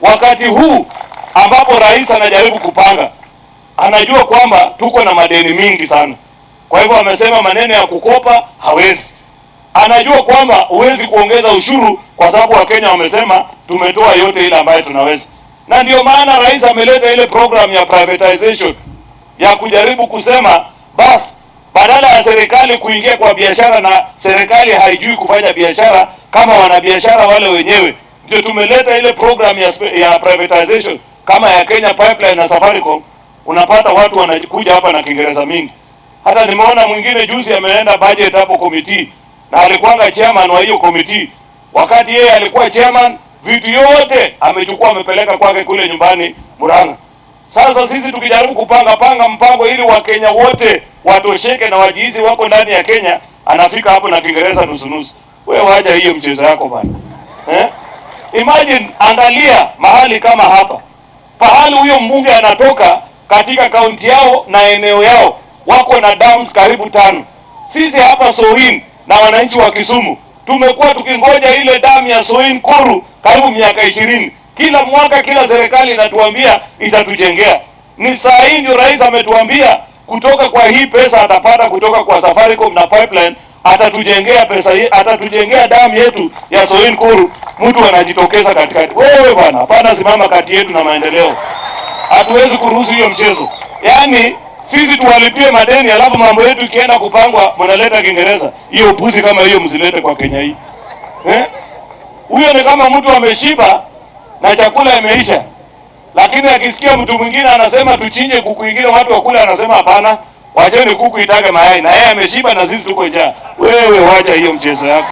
Wakati huu ambapo rais anajaribu kupanga, anajua kwamba tuko na madeni mingi sana. Kwa hivyo amesema maneno ya kukopa hawezi. Anajua kwamba huwezi kuongeza ushuru kwa sababu Wakenya wamesema tumetoa yote ile ambayo tunaweza, na ndio maana rais ameleta ile program ya privatization ya kujaribu kusema basi badala ya serikali kuingia kwa biashara na serikali haijui kufanya biashara, kama wanabiashara wale wenyewe ndio tumeleta ile program ya, ya privatization kama ya Kenya Pipeline na Safaricom. Unapata watu wanakuja hapa na Kiingereza mingi. Hata nimeona mwingine juzi ameenda budget hapo committee na alikuwanga chairman wa hiyo committee. Wakati yeye alikuwa chairman, vitu yote amechukua amepeleka kwake kule nyumbani Murang'a. Sasa sisi tukijaribu kupanga panga mpango ili Wakenya wote watosheke na wajizi wako ndani ya Kenya, anafika hapo na Kiingereza nusu Wewe wacha hiyo mchezo yako bana. Imagine, angalia mahali kama hapa, pahali huyo mbunge anatoka katika kaunti yao na eneo yao, wako na dams karibu tano. Sisi hapa Soin na wananchi wa Kisumu tumekuwa tukingoja ile damu ya Soin Kuru karibu miaka ishirini. Kila mwaka kila serikali inatuambia itatujengea. Ni saa hii ndio rais ametuambia kutoka kwa hii pesa atapata kutoka kwa Safaricom na pipeline atatujengea pesa, atatujengea damu yetu ya Soin Kuru mtu anajitokeza katikati. Wewe bwana, hapana, simama kati yetu na maendeleo. Hatuwezi kuruhusu hiyo mchezo, yaani sisi tuwalipie madeni alafu mambo yetu ikienda kupangwa mwanaleta Kiingereza. Hiyo upuzi kama hiyo msilete kwa Kenya hii eh? Huyo ni kama mtu ameshiba na chakula imeisha, lakini akisikia mtu mwingine anasema tuchinje kuku ingine watu wakule, anasema hapana, wacheni kuku itage mayai, na yeye ameshiba na sisi tuko njaa. Wewe wacha hiyo mchezo yako.